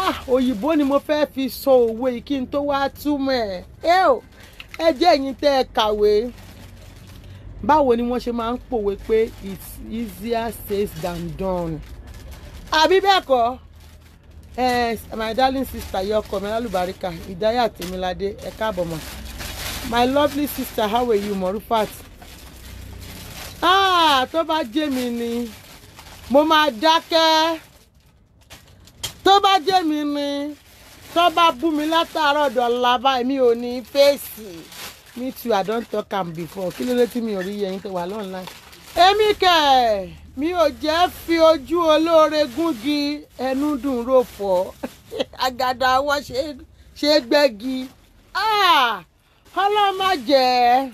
ah òyìnbó ni mo fẹ́ fi sọ òwe yìí kí n tó wá túmọ̀ ẹ̀ ẹ ò ẹ jẹ́ ẹ̀yin tẹ́ ẹ kàwé báwo ni wọ́n ṣe máa ń pòwe pé it's easier said than done àbí bẹ́ẹ̀ kọ́ eh, my darling sister yọ ọkọ mi lálùbáríkà ìdáyà tèmiládé ẹ káàbọ̀ mọ́ my lovely sister how are you morufat ah tó bá jẹ́ mi ni mo máa dákẹ́ tó bá jẹ́ mi ni tó bá bú mi látàárọ̀ dọ̀la báyìí mi ò ní fèsì me too i don talk am before kí ló dé tí mi ò rí yẹn tó wà online. èmi kẹ̀ mi ò jẹ́ fi ojú olóore gúngi ẹnu dùn rò fọ́ àgàdà àwọ̀ ṣe é gbẹ́gi ah, ọlọ́màjẹ́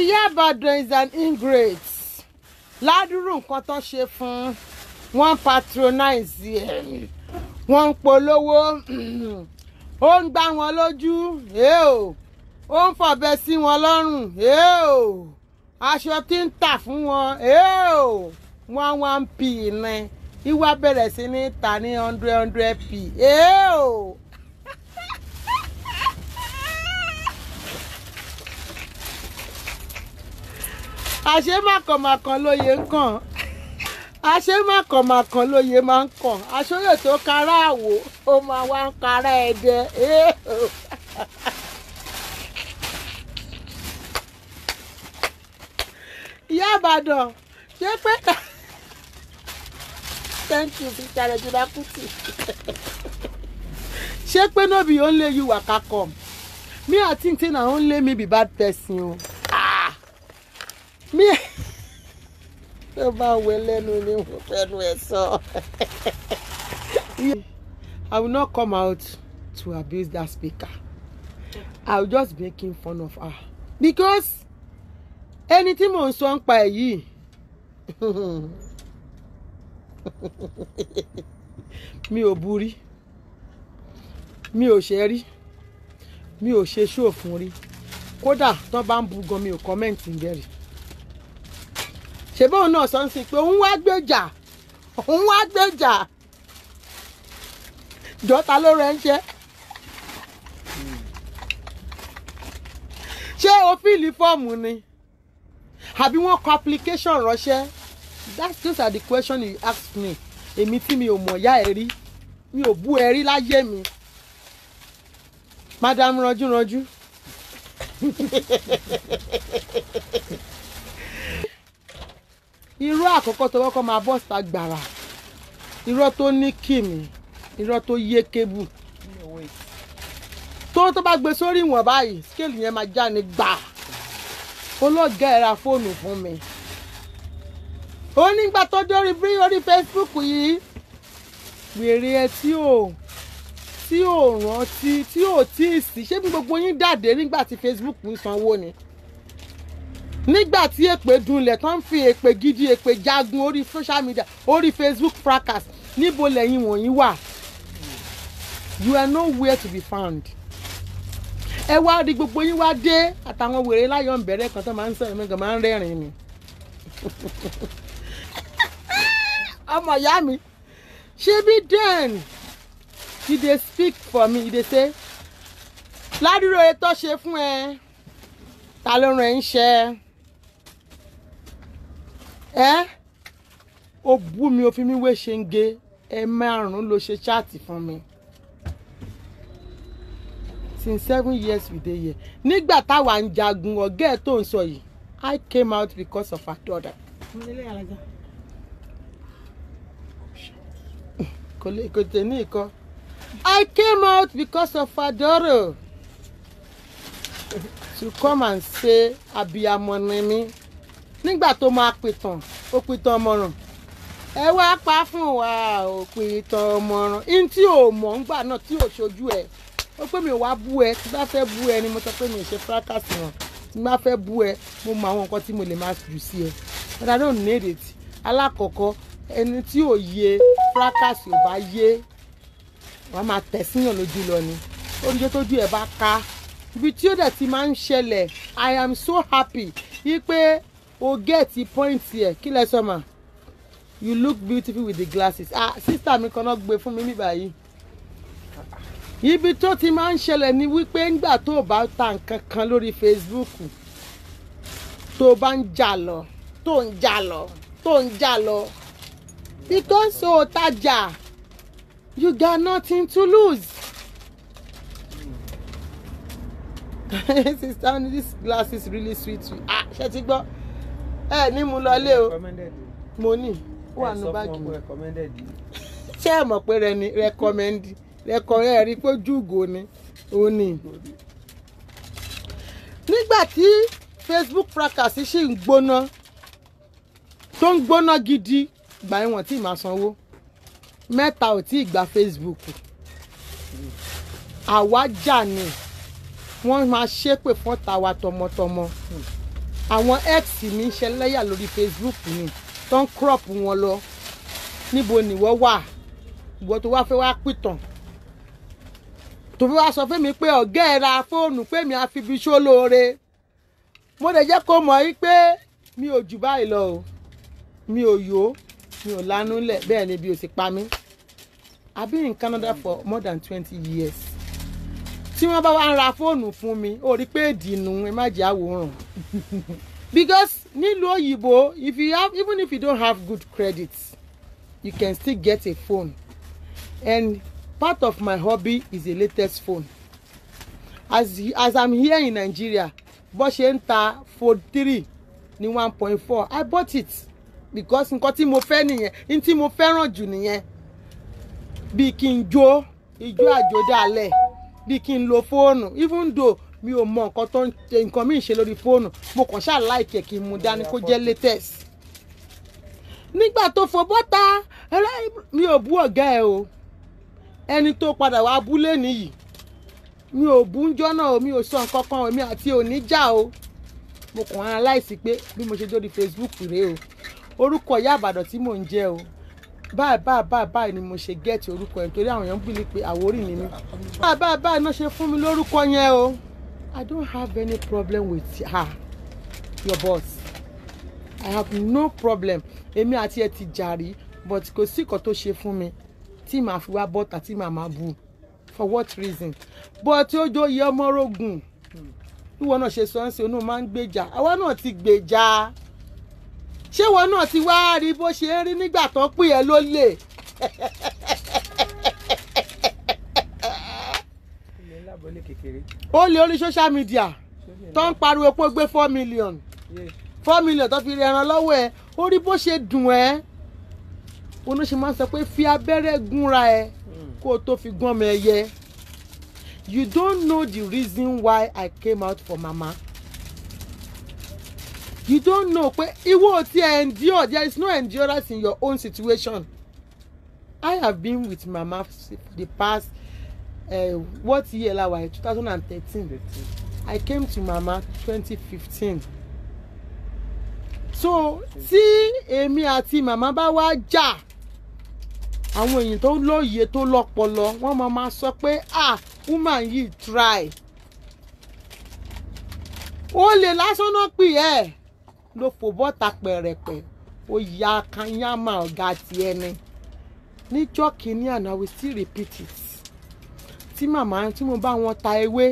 ìyá àbàdàn is an ingrate ládùúrú nǹkan tó ṣe fún wọn patronize ẹ̀ wọ́n ń polówó ó ń gbá wọn lójú ó ń fọ̀bẹ sí wọn lọ́rùn aṣọ tí ń tà fún wọn one one p ní ìwà bẹ̀rẹ̀ sí ní ta ní hundred hundred p. àṣé màkànmàkàn lóye ń kàn àṣemákànmákàn lóye máa ń kàn àṣọyè tó kára àwò ó máa wá ń kára ẹ̀dẹ. ìyá àbàdàn ṣé pé thank you Mr. Regina Kuti ṣé pé no be only you waka come me I think say na only me be bad person o. Oh. tó bá wẹ lẹ́nu ni mo fẹ́nu ẹ̀ sọ. I will not come out to abuse that speaker. I will just make him fun of her. Because ẹni tí mò ń sọ ń pa ẹ̀ yìí mi ò burí mi ò ṣe rí mi ò ṣe ṣóòfun rí kódà tán bá ń bu gan mi ò kọ́mẹ́ǹtì ń bẹ̀rẹ̀ ṣe bóun náà sọ ń sìn pé òun wá gbèjà òun wá gbèjà jọta ló rẹ ń ṣe. ṣé o fíìlì fọ́ọ̀mù ni àbí wọ́n kọ application ránṣẹ́ that's just the question you ask me èmi tí mi ò mọ̀ ya ẹ̀ rí mi ò bú ẹ rí láyé mi madam ranjúranjú. irọ́ àkọ́kọ́ tó kọ́kọ́ máa bọ́ síta gbàrà irọ́ tó ní kìmí irọ́ tó yé kébù tó tó bá gbé sórí ìwọ̀n báyìí scale yẹn máa já ni gbà olóògá ẹ̀ ra fóònù fún mi ó nígbà tó dórí bí orí Facebook yìí wèrè ẹ tí ò tí ò rántí tí ò tí ì sí ṣé bí gbogbo yín dàdé nígbà tí Facebook ń sanwó ni nígbà tí èpè dunlẹ̀ tán ń fi èpè gidi èpè jagun orí social media orí Facebook fracas níbo lẹ́yìn wọ̀nyí wà you are nowhere to be found ẹ wá rí gbogbo yín wá dé àtàwọn wèrè láyọ̀ ń bẹ̀rẹ̀ kan tó máa ń sọ̀rọ̀ mi gan máa ń rẹ́rìn ni ọmọ ìyá mi ṣebí den he dey speak for me he dey say ládùúrò ètò ṣe fún ẹ ta ló ràn ń ṣe ẹ́ ẹ́ ó bú mi ó fi mí wé ṣenge ẹ márùn-ún ló ṣe ṣáàtì fún mi since seven years we dey here nígbà táwa ń jagun ọ̀gá ẹ̀ tó ń sọ yìí I came out because of her daughter. kò lè kò tè ní ìkọ́ I came out because of her daughter to come and say abiyamọ ni mi nígbà tó máa pìtàn òpìtàn ọmọràn ẹ wá pa fún wa òpìtàn ọmọràn ihun tí ò mọ̀ ń náà tí ò ṣojú ẹ̀ ó pè mí wá bú ẹ tí bá fẹ́ bú ẹ ni mo sọ pé mi ò ṣe fracas wọn tí bá fẹ́ bú ẹ mo mọ àwọn nǹkan tí mo lè máa jù sí ẹ but I don't need it alákọ̀ọ́kọ́ ẹni tí ò yé fracas ò bá yé wàá máa tẹ̀síyàn lójú lọ ni oúnjẹ tójú ẹ bá ká ibi tí ó dẹ̀ ti máa ń ṣẹlẹ̀ I am so happy yí pé o gẹ́ẹ̀tì pọ́ìntì ẹ̀ kí lẹ sọ mà you look beautiful with the glasses ah sister. mi kan náà gbé fún mi ní báyìí ibi tó ti máa ń ṣẹlẹ̀ ni wípé ńgbà tó o bá ta nǹkan kan lórí Facebook tó o bá ń jà lọ tó ń jà lọ tó ń jà lọ because o so, tajà you got nothing to lose. Sister, this glass is really sweet. Ah, ṣe ti gbọ́ ẹ ní mu lọlé o mo ní wà nù báàgì mi ṣé ẹ mọ̀ pé rẹni rẹkọmẹ́ndì rẹkọmẹ́ rí pé júùgò ni òun ni. nígbà tí Facebook fracas sì ń gbóná tó ń gbóná gidi gbà ẹ̀wọ̀n tí màá sanwó mẹ́ta ò tí ì gba Facebook àwa jà ni wọ́n máa ṣépè fún tàwa tọmọtọmọ. Hmm àwọn ex mi ń ṣẹlẹ́yà lórí Facebook ni tó ń crop wọn lọ níbo nìwọ wà ìwọ tó wá fẹ́ wá pìtàn tó fi wá sọ fún mi pé ọ̀gá ẹ̀ ra fóònù pé mi á fi fi ṣó lóore mo lè jẹ́ kó mọ̀ wípé mi ò jù báyìí lọ o mi ò yó mi ò lánú lẹ̀ bẹ́ẹ̀ ni bí o sì pa mí I've been in Canada for more than twenty years tí wọ́n bá wá ń ra fóònù fún mi ó rí pé ìdìnnú ẹ má jẹ́ àwòrán because nílùú òyìnbó if you have even if you don't have good credit you can still get a phone and part of my hobby is the latest phone as as i'm here in nigeria bó ṣe ń ta fold three ní one point four i bought it because nǹkan tí mo fẹ́ nìyẹn ní tí mo fẹ́ràn jù nìyẹn bí kí n jó ijó àjòdálẹ̀ bí kí n lo fóònù even though mi ò mọ nǹkan tó ń ṣe nǹkan mi ń ṣe lórí fóònù mo kàn ṣáà láìkẹ̀ kí n mú dání kó jẹ́ latest. nígbà tó fọ bọ́ta mi ò bú ọ̀gá ẹ o ẹni tó padà wá abúlé nìyí mi ò bú ńjọ́ náà o mi ò sọ nǹkan kan mi àti òní jà o mo kàn án láìsí pé bí mo ṣe dórí Facebook rèé o orúkọ ìyá àbàdàn tí mò ń jẹ́ o báyìí báyìí báyìí báyìí ni mo ṣe gẹ́ẹ̀tì orúkọ yẹn torí àwọn èèyàn bìlì pé àwórì ni mí báyìí báyìí báyìí náà ṣe fún mi lórúkọ yẹn o I don't have any problem with her your boss I have no problem èmi àti ẹ ti jàrí but kò sí ìkan tó ṣe fún mi tí màá fi wá bọ́tà tí màá máa bù for what reason but ó jó yẹ ọmọ rogun ìwọ náà ṣe sọ́nsẹ̀ onú máa ń gbèjà àwa náà ti gbèjà ṣé wọn náà ti wá rí bó ṣe rí nígbà tó pè ẹ́ ló lè. ó lè orí social media tó ń pariwo pé ó gbé four million four million tó fi rí ẹran lọ́wọ́ ẹ̀ ó rí bó ṣe dùn ẹ́ oníṣe máa ń sọ pé fi abẹ́rẹ́ gúnra ẹ kó o tó fi gún ọmọ ẹ yẹ you don't know the reason why I came out for mama you don't know pé ìwọ ti endure there is no endurance in your own situation I have been with mama the past uh, what year la 2013? I came to mama twenty fifteen so tí èmi àti màmá bá wá jà àwọn èèyàn tó lóye tó lọ́pọlọ wọ́n máa ma sọ pé ah woman yìí try ó lè lásán náà pè ẹ́ ló fò bọ́ta pẹ̀rẹ̀pẹ̀ ó ya kanyama ọ̀gá ti ẹni níjọ́ kìíní àná we still repeat it tí màmá tí mo bá wọn ta ewé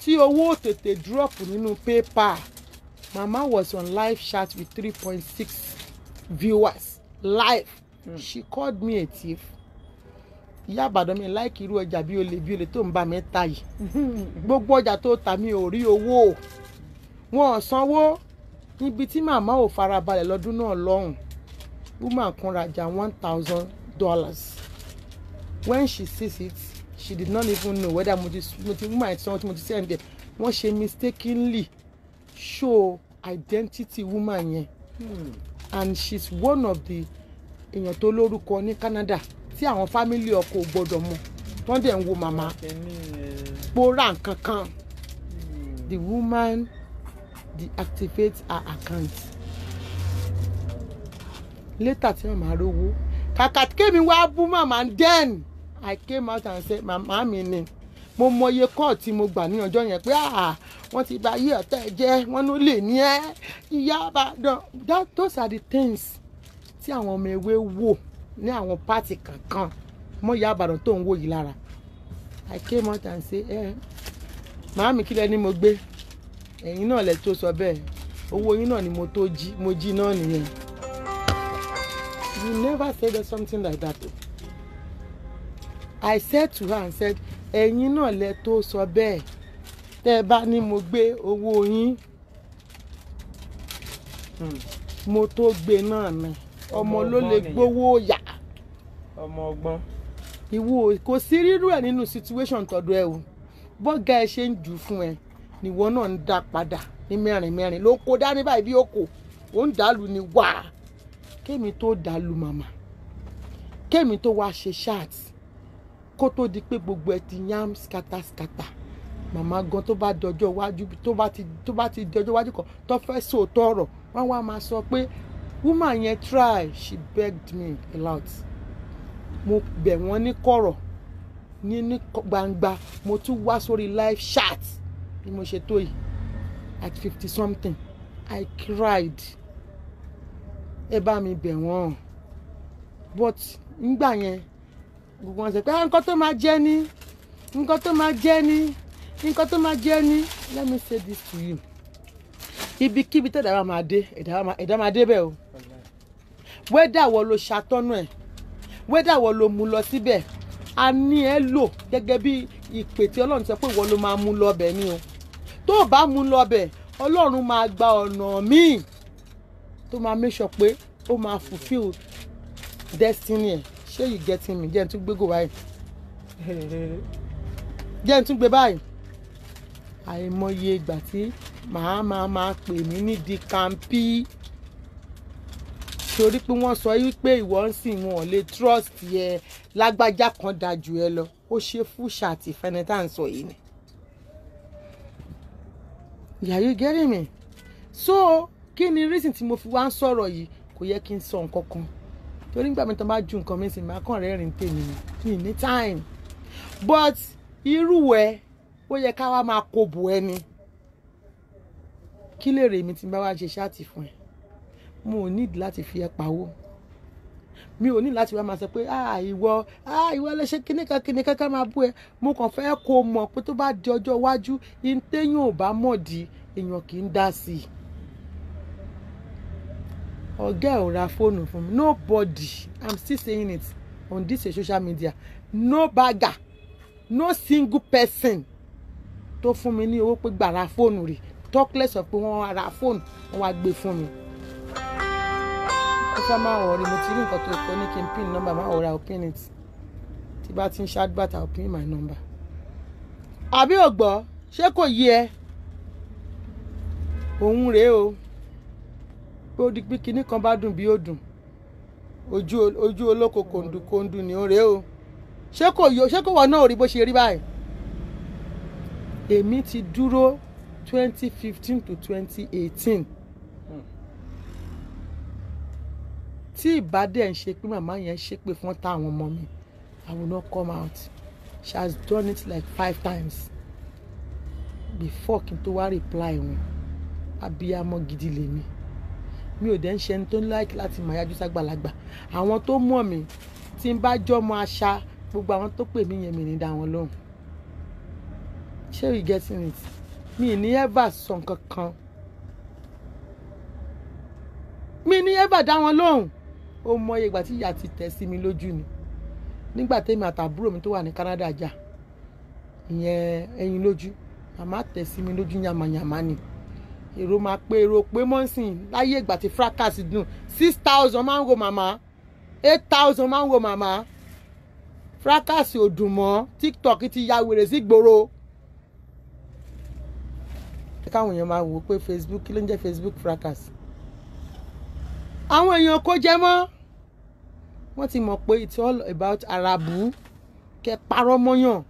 tí owó tètè drop nínú paper. màmá was on live chat with three point six viewers live mm. she called me a thief ìyá àbàdàn mi láìkì irú ọjà bí olè bí olè tó ń bá mi ta yìí gbogbo ọjà tó ta mi ò rí owó wọn ò sanwó níbi tí màmá ò farabalẹ̀ lọ́dún náà lọ́hùn woman kan rajà one thousand dollars when she sees it she did not even know whether mo ti mo ti woman ti sanwó tí mo ti send there wọ́n ṣe mistakenly show identity woman yẹn hmm. and she's one of the èèyàn tó lórúkọ ní Canada tí àwọn fámìlì ọkọ ò gbọ́dọ̀ mọ̀ wọ́n dẹ̀ ń wo màmá pòórá nǹkan kan hmm. the woman deactivate her account later tí màmá rówó kàkà kémi wá bú màmá then i came out and said màmá mi ni mo mọye kọ́ọ̀tì mo gbà ní ọjọ́ yẹn pé ah, wọ́n ti bà yí ọ̀tá ẹ̀ jẹ́ wọ́n ló lè ní ẹ́ ìyá àbàdàn those are the things tí àwọn ọmọ ewé wò ní àwọn pátì kankan mọ ìyá àbàdàn tó ń wò yìí lára i came out and say ẹ eh, màámi kílẹ̀ ni mo gbé ẹ̀yin náà lẹ tó sọ bẹ́ẹ̀ owó yín náà ni mo tó jí mo jí náà nìyẹn you never said something like that o I said to her and said ẹ̀yin náà lẹ tó sọ bẹ́ẹ̀ tẹ́ ẹ bá ní mo gbé owó yín hmm. mo tó gbé náà ni ọmọ ló lè gbowó yá ọmọ ọgbọ́n ìwọ kò sí rírú ẹ̀ nínú situation tọ́dọ̀ ẹ o bọ́gà ẹ ṣe ń jù fún ẹ nìwọ náà ń dá padà ní mẹ́rin mẹ́rin ló ń kó dání báyìí bí ó kò ó ń dàlù ní wàá kémi tó dàlù màmá kémi tó wá ṣe ṣáàtì kó tó di pé gbogbo ẹ ti yam skataskata màmá gan tó bá dọjọ́ iwájú tó bá ti tó bá ti dọjọ́ iwájú kan tó fẹ́ sòótọ́ ọ̀rọ̀ wọ́n wá máa sọ pé woman yẹn try she begged me a lot mo bẹ̀ wọ́n ní kọ̀rọ̀ ní ní gbangba mo tún wá sórí live chat bí mo ṣe tó yìí at fifty something I cried ẹ bá mi bẹ̀ wọ́n but ngbà yẹn gbogbo wọn sọ pé ah, nǹkan tó máa jẹ́ ní nǹkan tó máa jẹ́ ní nǹkan tó máa jẹ́ ní let me say this to you ibikíbi tẹ̀dá wa máa dé ẹ̀dá máa dé bẹ́ẹ̀ o wẹ́dà wọ ló ṣàtọ́nú ẹ̀ wẹ́dà wọ ló mú lọ síbẹ̀ a ní ẹ lò gẹ́gẹ́ bí ìpè tí Ọlọ́run sọ pé ìwọ ló máa mú lọ bẹ̀ ni o tó o bá mú lọ bẹ̀ ọlọ́run máa gba ọ̀nà míì tó máa make pé ó máa fulfil destiny ẹ̀ ṣé you get me jẹ́ n tún gbé gò báyìí jẹ́ n tún gbé báyìí àìmọye ìgbà tí màá máa máa pè mí nídìí kàǹpì torí pé wọ́n sọ wípé ìwọ ń sìn wọn ò lè trust yẹ lágbájá kan dájú ẹ lọ ó ṣe fúṣà àti ìfẹnitá ń sọ yìí ni. Yeah, you getting me? So, kí ni reason tí mo fi wá ń sọ̀rọ̀ yìí kò yẹ kí n sọ nǹkan kan torí nígbà mi tán bá ju nǹkan mi sí màá kàn rẹ́rìn tèmi ní ní time but irú ẹ ó yẹ ká wá máa kó bò ẹni kí lèrè mi tí bá wá ṣe ṣáàtì fún ẹ mo ò nídìí láti fi ẹ pawó mi ò ní láti wá máa sọ pé ah ìwọ ah ìwọ lè ṣe kíní ká máa bú ẹ mo kàn fẹ́ kó mọ̀ pé tó bá di ọjọ́ iwájú ìtẹ́yìn ò bá mọ̀ di èèyàn kì í dá sí i ọ̀gá ẹ̀ ò ra fóònù fún mi nobody i'm still saying it on this social media no bagger no single person tó fún mi ní owó pé gbàrà fóònù rẹ̀ talk less of pé wọ́n ra fóònù wọ́n wá gbé fún mi fẹ́ máa wọ̀ rí mo ti rí nǹkan tó kọ́ ní kí n pin nọ́mbà máa wọ̀ ra òpin it tí bá ti ń ṣáàdùbàtà òpin my number. àbí ò ṣé kò yí ẹ òun rèé o pé ó di pé kinní kan bá dùn bí ó dùn ojú olóko kòndù ni ó rèé o ṣé kò yọ ṣé kò wọ náà rí bó ṣe rí báyìí èmi ti dúró twenty fifteen to twenty eighteen tí ìbá dẹ̀ ń ṣe pé màmá yẹn ṣe pé fún ta àwọn ọmọ mi I will not come out she has done it like five times before kí n tó wá reply wọn abiyamọ gidi lèmi mi ò dẹ̀ ń ṣe ẹni tó ń láìkí láti máa yájú ságbàlagbà àwọn tó mọ̀ mí tí n bá jọmọ àṣà gbogbo àwọn tó pè mí yẹn mi ní dá wọn lóhùn ṣé you getting it mi ní ẹ́bà sọ nǹkan kan mi ní ẹ́bà dá wọn lóhùn ó mọye ìgbà tí ìyà ti tẹ̀ sí mi lójú ni nígbà tẹ́mi àtàbúrò mi tó wà ní Canada jà ìyẹn ẹyin lójú màmá tẹ̀ sí mi lójú yàmàyàmá ni èrò máa pé èrò pé mọ́sìn láyé ìgbà tí fracas dùn six thousand máa ń wo màmá eight thousand máa ń wo màmá fracas ò dùn mọ́ tiktok ti ya wèrè sí gbòòrò. káwọn èèyàn máa wò ó pé facebook kí ló ń jẹ́ facebook fracas àwọn èèyàn kò jẹ mọ́ wọ́n ti mọ̀ pé it's all about arabu kẹ́ parọ́ mọ́yàn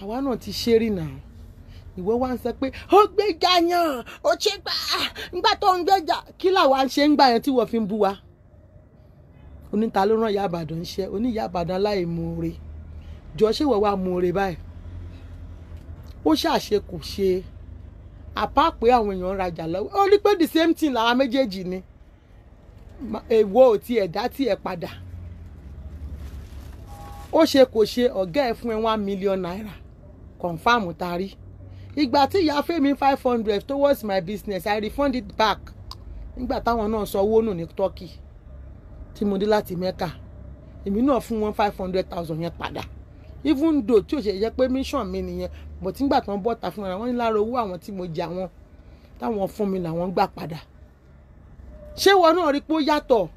àwa náà ti ṣe rí náà ìwọ wá ń sọ pé ó gbéjà yàn ó ṣe gbà ńgbà tó ń gbéjà kí làwa ń ṣe ń gbà yẹn tí wọ́n fi ń bú wa oníta ló rán ìyá àbàdàn iṣẹ́ oní ìyá àbàdàn aláìmoore jọ ṣé wọ́n wá moore báyìí ó ṣàṣe kò ṣe àpá pé àwọn èèyàn ń rajà lọ́wọ́ ó rí pé the same thing làwọn méjèèjì ni èwo ò tiẹ̀ dá tiẹ̀ padà ó ṣe kò ṣe ọ̀gá ẹ̀ fún ẹ one million naira kọ̀ǹfàmù tarí ìgbà tí ìyá fẹ́mi five hundred towards my business i refund it back nígbà táwọn náà sọ owó nù ní turkey tí mo dé láti mẹ́ka èmi náà fún wọn five hundred thousand yẹn padà even though tí ò ṣe yẹ pé mission mi nìyẹn but nígbà tí wọ́n bọ́ta fún ara wọn ní lára owó àwọn tí mo jẹ àwọn táwọn fún mi làwọn gbà padà ṣé wọn náà rí pé ó yàtọ̀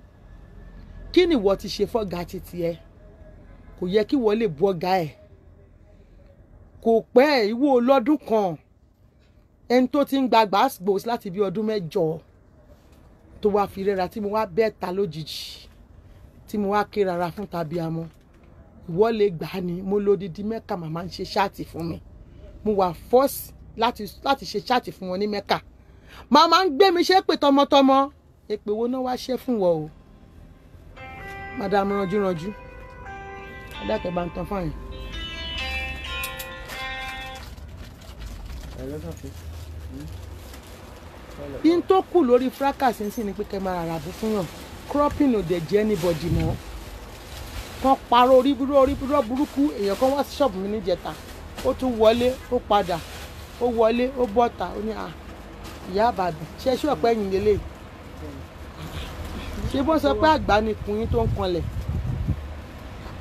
kí ni ìwọ ti ṣe fọ́gà titi ẹ kò yẹ kí wọ́n lè bu ọ̀gá ẹ̀ kò pẹ́ ìwọ ọlọ́dún kan ẹni tó ti ń gba gbàgbọ́s láti bí ọdún mẹ́jọ tó wá fi rẹ́ra tí mo wá bẹ́ẹ̀ ta lójijì tí mo wá ké rara fún tàbí amọ́ ìwọ lè gbà á ni mo lo odidi mẹ́ka màmá ń ṣe ṣáàtì fún mi mo wà fọ́ọ̀sì láti láti ṣe ṣáàtì fún wọn ní mẹ́ka màmá ń gbé mi ṣe é pè tọmọtọmọ èpè wo náà wá ṣe fún wọn o madam ranjúranjú. Ranju ẹ dákẹ́ bá ń tan fáyìn. Hmm. bí n tó kù lórí fracas ń sìn ni pé kẹ́ máa rà bú fún yàn cropping ò dẹ̀ jẹ́ anybody mọ́ kan parọ́ orí búrọ́ burúkú èèyàn kan wá sí ṣọ́ọ̀bù mi níjẹta ó tún wọlé ó padà ó wọlé ó bọ́ta ó ní à ìyá àbàdàn ṣe ṣọ́ọ̀pẹ́ yìí lélẹ̀ hmm. ṣé bó sọ pé àgbà ni kùn tó ń kanlẹ̀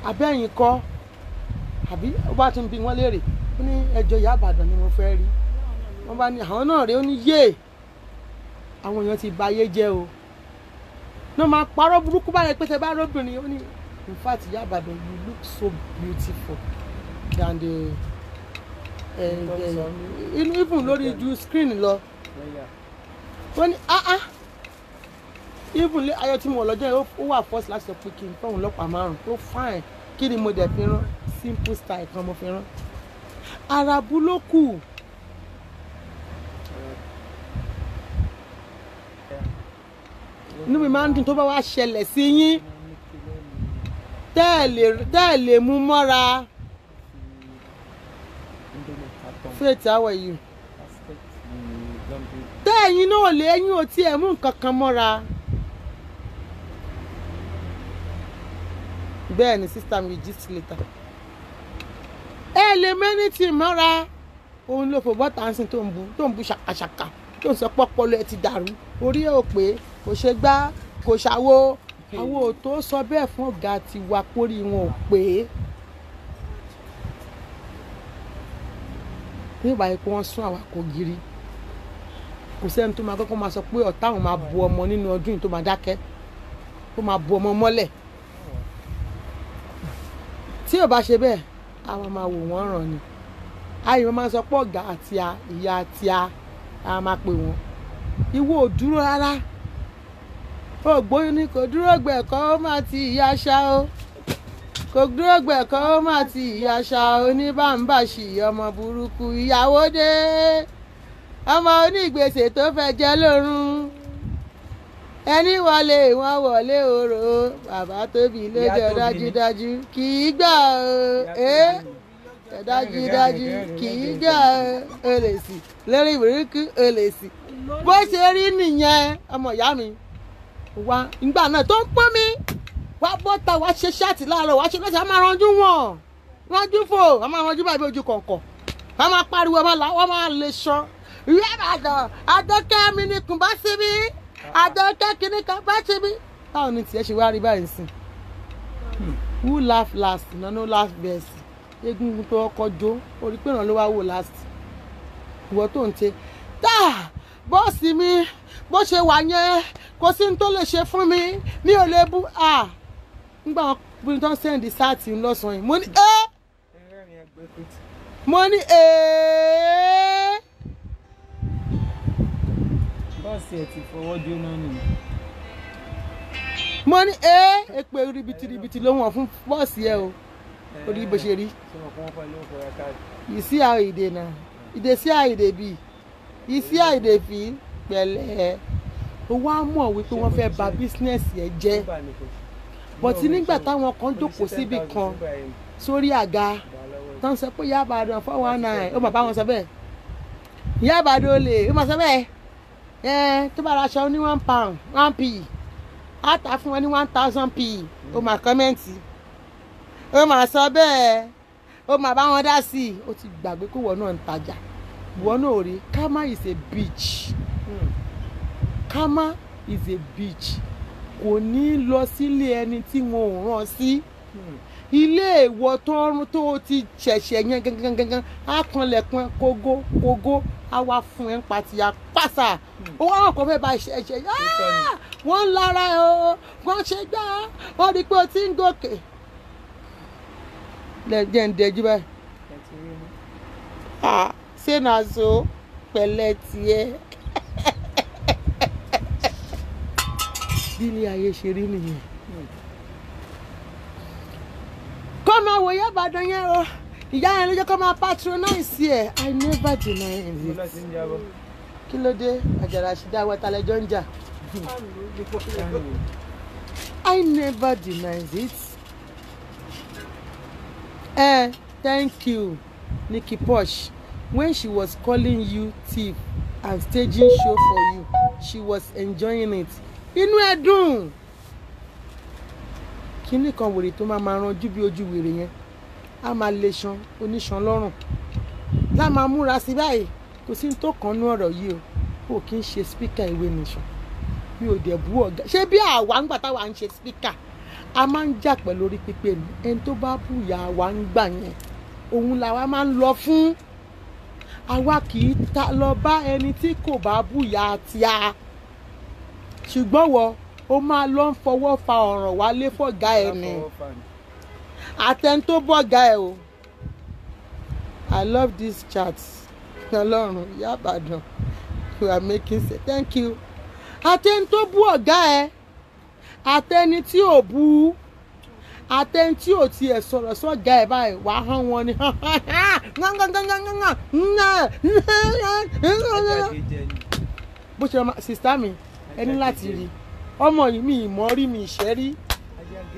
abẹ́yìn kọ́ àbí ó bá tún bí wọ́n léèrè ó ní ẹjọ́ ìyá àbàdàn ni mo fẹ́ rí wọ́n bá ní àwọn náà rèé ó ní yéè àwọn èèyàn ti ba ayé jẹ́ o náà máa parọ́ burúkú báyẹn pé tẹ bá rọ́bìnrin ó ní in fact ìyá àbàdàn you look so beautiful and uh, uh, uh, even lórí ju screen lọ wọ́n ní ah ah even lé ayọ̀ tí mo lọ́jọ́ yẹn ó wà first láti sọ pé kí n fẹ́hùn márùn tó fine kí ni mo dẹ̀ fi rán simple style kan mo fi rán arabu ló kù. inú mi máa ń dùn tó bá wá ṣẹlẹ̀ sí yín tẹ́ lè mú mọ́ra. faith how are you. tẹ́ ẹ̀yin náà lé ẹ̀yin ò tiẹ̀ mú nǹkan kan mọ́ra. bẹ́ẹ̀ ni sister mi later. ẹ lè mẹ́ni tí mọ́ra òun ló fò bọ́tà ń sìn tó ń bu tó ń bu ṣàkàṣàkà tó ń sọ pọ́pọ́lọ́ ẹ ti dàrú orí ẹ̀ ò pé kò ṣe gbá kò ṣàwo àwọn ò tó sọ bẹ́ẹ̀ fún ọ̀gá tiwa pórí wọn ò pé. nígbà yìí kó wọ́n sún àwàkọ́ gírí kò sẹ́ni tó máa kọ́kọ́ máa sọ pé ọ̀tá òun máa bu ọmọ nínú ọdún yìí tó máa dákẹ́ tó máa bu ọmọ mọ́lẹ̀ tí ò bá ṣe bẹ́ẹ̀ àwa máa wò wọ́n ràn ni àyìnbó máa sọ pé ọ̀gá àti ìyá àti a máa pè wọ́n ìwọ ò dúró rárá ògbóyún ni kò dúró gbẹ̀kọ́ e ó máa ti ìyá ṣá o kò dúró gbẹ̀kọ́ e ó máa ti ìyá ṣá o ní bámbàṣì ọmọ burúkú ìyàwó dé ọmọ onígbèsè tó fẹ́ jẹ lórun ẹni wọlé wọn wọlé oró bàbá tóbi lójó dájúdájú kì í gbà ó dájúdájú kì í gbà ó lè sì lórí ìwúríkú ó lè sì bó ṣe rí nìyẹn ọmọ ìyá mi wá ìgbà náà tó ń pọ́n mi wá bọ́ta wá ṣe ṣáàtì láàárọ̀ wá ṣe lọ́sẹ̀ á máa ranjú wọn ranjú fò á máa ranjú báyìí bí ojú kọ̀ọ̀kọ̀ á máa pariwo á máa lè ṣan ìyá Ìbàdàn Adókẹ́ mi ni kùn bá síbí àjọkẹ́ kìíní kan bá ṣe mí. báwo ni tiẹ̀ ṣe wá rí báyìí sìn who laugh last na no laugh best egungun tó ọkọ̀ jó orí pé ìrànlọ́ wá wò last ìwọ tó ń ṣe tá bọ́ọ̀sì mi bó ṣe wà yẹn kò sí ní tó lè ṣe fún mi mi ò lè bú à nígbà wọn bí wọn sẹ́ndì sáàtì ńlọ́sàn yìí mo ní ẹ́ mo ní ẹ́ bọ́ọ̀sì ẹ̀ ti fọwọ́ jóná nìyí. mo ní ẹ ẹ pé ribiti ribiti ló wọ̀n fún bọ́ọ̀sì ẹ o orí bó ṣe rí you see how e dey now you dey see how e dey be you see how e dey feel pẹ̀lẹ́ o wá mọ̀ wípé wọ́n fẹ́ bà bísínẹ́sì ẹ jẹ́ bọ̀tí nígbà táwọn kan jókòó síbi kan sórí àga tán sọ pé Ìyá Ìbàdàn four one nine ó mà bá wọn sọ bẹ́ẹ̀ Ìyá Ìbàdàn olè ó mà sọ bẹ́ẹ̀ tó bá ra aṣọ ní one pound one p á ta fún wọn ní one thousand p ó máa kọ́mẹ́ǹtì ó máa sọ bẹ́ẹ̀ ó máa bá wọn dá sí i ó ti gbàgbé kó wọn náà ń tajà wọn náà rí Karma is a bitch Karma is a bitch kò ní lọ sílé ẹni tí wọn ò rán sí. Hmm ilé èèwọ̀ tọrun tó o ti ṣẹ̀ṣẹ̀ yẹn gangan gangan á kanlẹ̀kùn kógó kógó á wá fún ẹ ń pa tìyà pàṣà hmm. owó àwọn kan fẹ́ẹ́ bá ṣẹ̀ṣẹ̀ ah! wọ́n lára ẹ̀ o wọ́n ṣe gbá wọ́n rí i pé o ti ń gòkè jẹ́ ń dẹjú báyìí ah! ṣé náà so pẹ̀lẹ́ tiẹ̀ bí ilé ayé ṣe rí nìyẹn. máa wòye ìbàdàn yẹn o ìyá yẹn ló jẹ́ kó máa patronize ẹ̀ i never deny him it kí ló dé àjàrà àṣìdá wẹta lẹjọ i never deny it eh, thank you Nikki Posh when she was calling you thief and staging show for you she was enjoying it inú ẹ dùn kínní kan wèrè tó máa máa ranjú bí ojú wèrè yẹn á máa lè ṣan oníṣan lọ́rùn lá máa múra sí báyìí kò sí ní tó kàn nú ọ̀rọ̀ yìí o ò kí ń ṣe spíkà ìwé nìṣan mi ò dẹ̀ bú ọ̀gá ṣé bí àwa ń gbà táwa ń ṣe spíkà a máa ń jà pẹ̀lú orí pípé ni ẹni tó bá bù yà wá ń gbà yẹn òun làwa máa ń lọ fún àwa kì í ta lọ bá ẹni tí kò bá bù yà tíá ṣùgbọ́n wọ ó máa lọ ń fọwọ́ fa ọ̀ràn wálé fọ̀gá ẹ̀ ni àtẹni tó bọ̀gá ẹ̀ o I love this chat ọlọ́run yábàdàn you are making sense thank you àtẹni tó bú ọ̀gá ẹ̀ àtẹni tí ò bú àtẹni tí ò tiẹ̀ sọ̀rọ̀ sọ́gà ẹ̀ báyìí wà á hàn wọn ni bó ṣe máa sista mi ẹni láti rí i ọmọ yìí mi ìmọ̀ rí mi ìṣẹ́ rí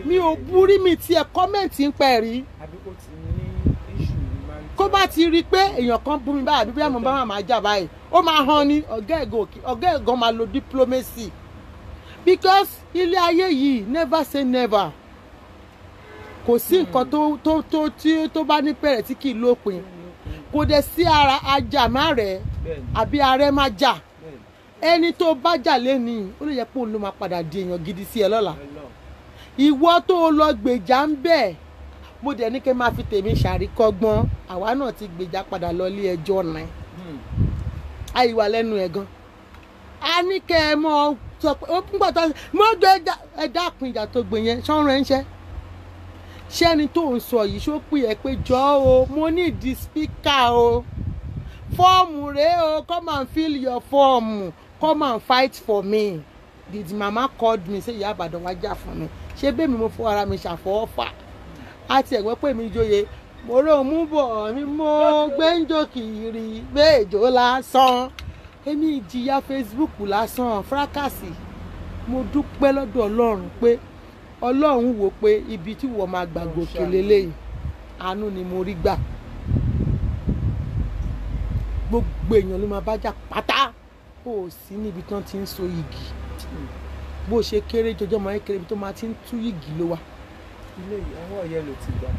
mi ò burú mi tiẹ̀ kọ́mẹ̀ntì ń pẹ̀ rí kó bá ti rí i pé èèyàn kan bú mi báyìí àbí bí àmọ́ bá wà máa jà báyìí ó máa hàn ní ọ̀gá ẹ̀gàn máa lo diplomacy because ilé ayé yìí never say never kò sí nǹkan tó tó tó tí tó bá ní pẹ̀rẹ̀ tí kì í lópin kò dẹ̀ sí ara ajá má rẹ̀ àbí arẹ́ má jà ẹni tó bá jà lẹ́ni ó lè jẹ́ pé òun ló máa padà di èèyàn gidi sí ẹ lọ́la ìwọ tó lọ gbèjà ń bẹ̀ mo dẹ̀ ní kí n máa fi tèmi ṣàríkọ́gbọ́n àwa náà ti gbèjà padà lọ ilé ẹjọ́ náà hmm. àyíwá lẹ́nu ẹ̀ gan a ní kẹ́ ẹ mọ sọ pé ó ń gbà tó mo gbé ẹ̀dá àpín ìjà tó gbè yẹn sọ́run ẹ̀ ń ṣẹ́ ṣẹ́ni tó ń sọ yìí ṣó pè é pé jọ o mo ní ìdí spíkà o fọ́ọ̀mù rèé o come and fill your form come and fight for me Did mama called me say ìyá àbàdàn wá jà fún mi ṣé bẹ́ẹ̀ mi mo fọ ara mi ṣàfọwọ́fà àti ẹ̀gbọ́n pé mi joyè mo rò mú bọ̀ mi mo gbẹ́njọ kiri gbẹ́jọ lásán èmi ìjìyà Facebook lásán fúrákàsì mo dúpẹ́ lọ́dọ̀ ọlọ́run pé ọlọ́run wò pé ibi tí wọ́n máa gbà gòkè lélẹ́yìn àánú ni mo rí gbà gbogbo èèyàn ló máa bá jà Pata ò sí níbi tí wọ́n ti ń so igi bó ṣe kéré jọjọ́ máa ń kéré ibi tó máa ti ń tú igi ló wà. ilé ìyàwó ọ̀yẹ́ ló ti gbà.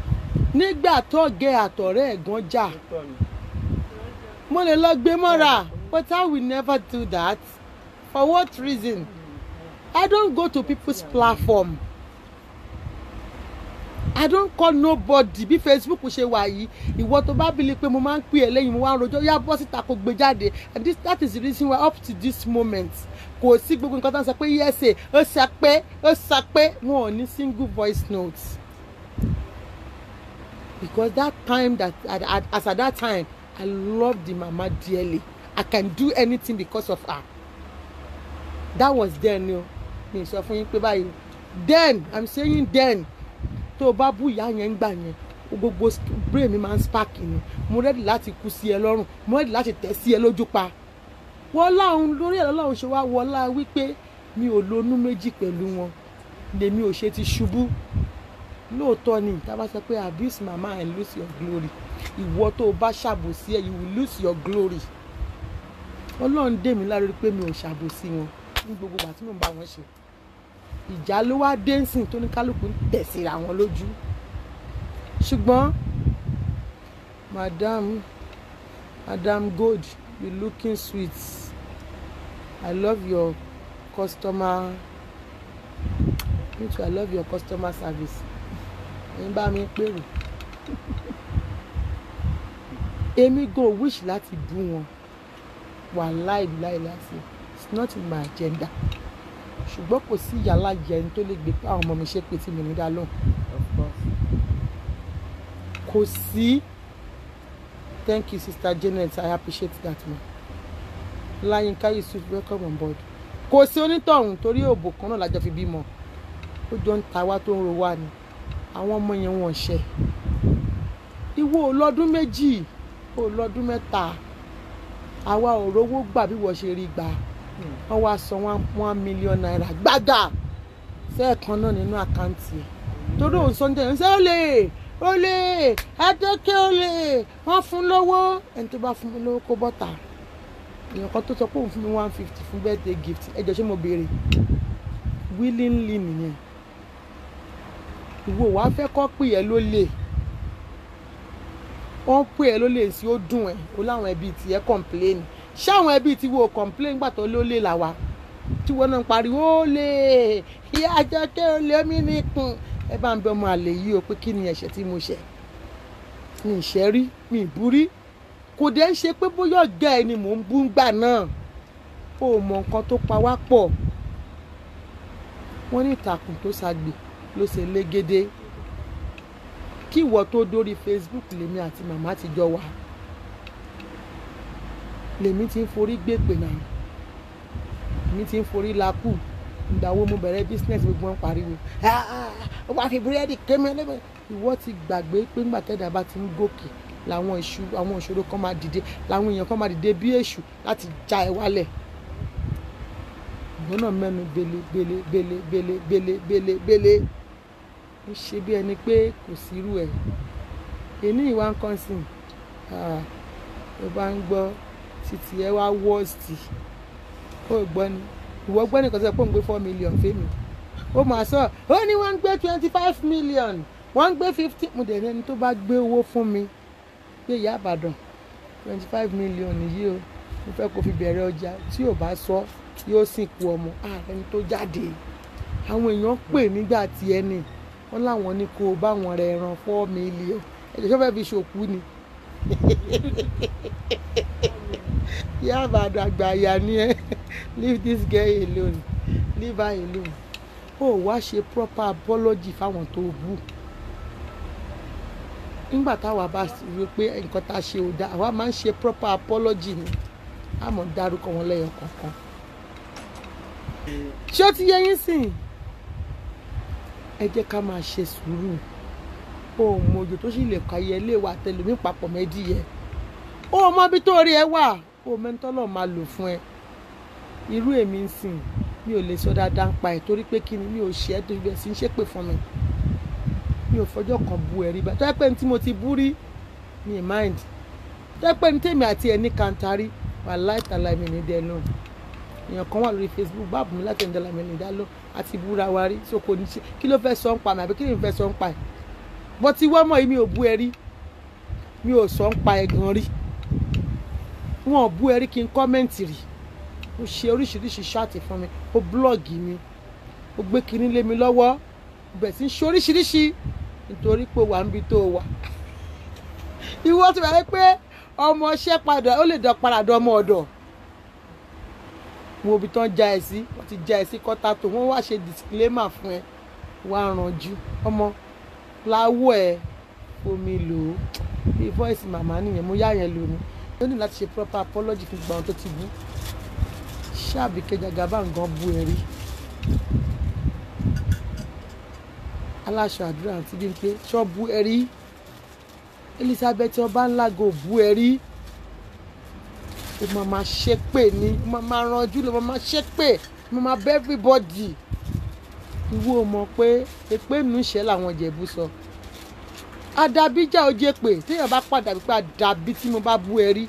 nígbà tọ́gẹ̀ àtọ̀rẹ́ ẹ̀gbọ́n jà mo lè lọ gbé mọ́ra but I will never do that for what reason I don't go to people's platform. Yeah i don't call nobody bí facebook ṣe wà yìí ìwọ tó bá bìlí pé mo máa ń pè ẹ́ lẹ́yìn mo wá ń rojọ́ yá bọ́ síta kó gbé jáde and this that is the reason why up to this moment kò sí gbogbo nǹkan tó ń sọ pé yẹ́sẹ̀ ó sàpẹ́ ó sàpẹ́ wọn ò ní single voice note because that time that as at that time i love the mama dearly i can do anything because of her that was then o mi sọ fún yín pé báyìí then i'm saying then tó o bá bú ìyá yẹn ń gbà yẹn gbogbo brain mi máa ń spark ni mo rẹ́dì láti kú sí ẹ lọ́rùn mo rẹ́dì láti tẹ̀ sí ẹ lójú pa wọ́n láwọn lórí ẹ̀ lọ́lọ́run ṣe wá wọlá wípé mi ò lónú méjì pẹ̀lú wọn lèmi ò ṣe ti ṣubú lóòótọ́ ni tá sọ pé abuse mama and lose your glory ìwọ tó o bá ṣàbòsí ẹ you will lose your glory ọlọ́run dè mí lára pé mi ò ṣàbòsí wọn ní gbogbo ìgbà mò ń bá wọn ṣe ìjà ló wá dé ń sìn tó ní kálukú ń tẹ̀síra wọn lójú ṣùgbọ́n madam madam gold you looking sweet i love your customer i love your customer service ẹ ń bá mi pèrò èmi go wish láti bú wọn wàhálà ìlú láìláṣẹ it's not in my agenda ṣùgbọ́n kò sí ìyálàyà ẹni tó lè gbé àwọn ọmọ mi ṣe pé tí mi ní dá lóhùn kò sí thank you sister Janet I appreciate that ma Láyínká Yusuf welcome on board kò sí onítọ̀hún torí òbò kan náà lájọ fi bímọ ó jọ ń ta wá tó ń ro wá ni àwọn ọmọ yẹn wọ́n ṣe ìwọ olọ́dún méjì olọ́dún mẹ́ta àwa ò rówó gbà bí wọ́n ṣe rí gbà wọ́n wá sọ one million naira gbága sẹ́ẹ̀kan náà nínú àkáǹtì ẹ̀ torí òun Sunday ń sẹ́ ó lè ó lè adékè ó lè wọ́n fún lówó ẹni tó bá fún mi lówó kó bọ́tà èèyàn kan tó sọ pé òun fún mi one fifty fún birthday gift ẹ jọ ṣé mo béèrè willingly nìyẹn ìwọ wàá fẹ́ kọ́ pè ẹ́ ló lè wọ́n pè ẹ́ ló lè sí ó dùn ẹ́ ó láwọn ẹbí tiẹ̀ complain ṣé àwọn ẹbí ti wo complain gbà tó ló lè là wa tí wọn náà ń pariwo ó lè ìyá àjọkẹ́ ó lè mí nìkun ẹ bá ń bẹ ọmọ àlè yìí o pé kí ni ẹ̀ṣẹ̀ tí mo ṣẹ̀ mi ìṣẹ́ rí mi ìbúrí kò dé ń ṣe pé bóyá ọ̀gá ẹ ni mò ń bú gbà náà ó mọ nǹkan tó pa wá pọ̀ wọ́n ní ìtàkùn tó ṣàgbè ló ṣe légede kí ìwọ tó dórí Facebook lèmi àti màmá ti jọ wà lèmi ti ń forí gbèpè náà mi ti ń forí lakú ìgbàwo mo bẹ̀rẹ̀ bísínẹ́sì gbogbo wọn pariwo ah, ah, ah, ó wàá fi búrẹ́dì kémi ọlọ́mọ ìwọ ti gbàgbé pé ńgbà tẹ́dà bá ti ń gòkè làwọn ìṣù àwọn ìṣòro kan máa dìde làwọn èèyàn kan máa dìde bí èṣù láti já ẹ wálẹ̀ ìgbọ́n náà mẹ́nu bele bele bele bele bele bele bele ó ṣe bí ẹni pé kò sí irú ẹ̀ èyí ní ìwà ń kọ́sìn ló bá ń gbọ́ títí ẹ wá wọ́ọ̀sì ó gbọ́ ni ìwọ gbọ́ nìkan sọ pé òun gbé four million fẹ́mi ó máa sọ ó ní wọ́n ń gbé twenty five million wọ́n ń gbé fifty mo dẹ̀ ẹni tó bá gbé owó fún mi pé ìyá àbàdàn twenty five million yìí o mo fẹ́ kó fi bẹ̀rẹ̀ ọjà tí ò bá sọ yóò sìnkú ọmọ ààrẹ tó jáde àwọn èèyàn pè nígbà tí ẹni wọn láwọn ní kó báwọn rẹ ran four million ẹ̀jẹ̀ sọ́fẹ́ fi ṣòkú ni. yá àbàdàgbà àyà ni ẹ leave this girl alone leave her alone Oh, wá ṣe proper apology fáwọn tó bú nígbà táwa bá rí pé nǹkan tá a ṣe ò dáa àwa máa ń ṣe proper apology ni a mọ̀ dárúkọ wọn lẹ́yọ kọ̀ọ̀kan ṣé ó ti yẹ yín sìn ẹ jẹ́ ká máa ṣe sùúrù o mọ ojú tó sì lè ka yẹ ilé wa tẹlẹmí papọ̀ mẹ́díyẹ o mọ ibi tó rí ẹ wà ó mẹ́ńtọ́lọ̀ máa lò fún ẹ irú èmi ń sìn mi ò lè sọ dáadáa ń pa ẹ̀ torí pé kí ni mi ò ṣe ẹ́ torí bẹ́ẹ̀ sì ń ṣépè fún mi mi ò fọjọ́ kan bu ẹ̀rí bá tọ́ pé tí mo ti bú rí mi mind tọ́ pé ní tèmi àti ẹ̀ ní kàńtàrí wà láìtàlá mi ní dẹ́ lóhùn èèyàn kan wà lórí facebook báàbù mi láti ẹ̀ńdọ́là mi ní dálọ́ àti búra wa rí so kò ní ṣe kí ló fẹ́ sọ ń pa mi àbí kí ló fẹ́ sọ ń pa ẹ̀ bó ti wọ́n mọ̀ yìí mi ò bú ẹ rí mi ò sọ ń pa ẹ̀ gan rí wọn ò bú ẹrí kí n kọ́mẹ́ǹtì rì ó ṣe oríṣiríṣi ṣáàtì fún mi ó búlọ́ọ̀gì mi ó gbé kinní lé mi lọ́wọ́ bẹ̀ẹ̀ sí ń ṣe oríṣiríṣi nítorí pé wà ń bi tó wà ìwọ ti wáyé pé ọmọ ṣẹ́ padà ó lè dán padà dán ọmọ ọ̀dọ̀ wo ibi tán já ẹ sí wọ́n ti já ẹ sí kọ́tà tó wọ́n wá ṣe disclaimer fún ẹ wá rànjú ọmọ láwọ̀ ẹ omi lò ó bí voice màmá nìyẹn mo yá yẹn lò ní ó ní láti ṣe proper apology fún gbàgbọ́n tó ti bú ṣé Àbíkẹ́ Jagaban gan bú ẹ rí aláṣọ àdúrà àti Bímpé ṣọ́ bú ẹ rí Elizabeth Ọbáńlágo bú ẹ rí ó máa máa ṣépè ni ó máa máa ranjú ló máa máa ṣépè ó máa máa bẹ́ everybody ìwọ mọ̀ pé èpè nù làwọn jẹ̀bú sọ. So adabíjà oje pè téèyàn bá padà wípé àdàbí tí mo bá bú ẹ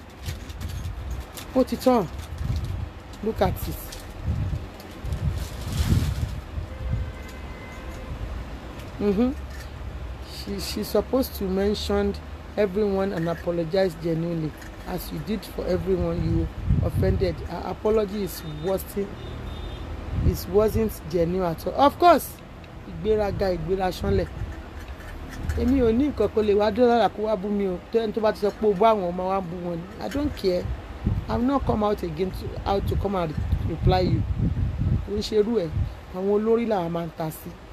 ó ti tán look at it. Mm-hmm. She she supposed to mention everyone and apologize genuinely as you did for everyone you offended. Her apology is wasn't is wasn't genuine at all. Of course, ìgbéraga ìgbéraṣánlẹ̀ èmi ò ní nǹkan kan lè wá dúró lára kó wá bú mi o tẹ́ni tó bá ti sọ pé o bú àwọn ọmọ wa bú wọn ni i don't care i'm not come out again to, out to come and reply you kò ń ṣerú ẹ̀ àwọn olórí làwọn máa ń ta sí. Si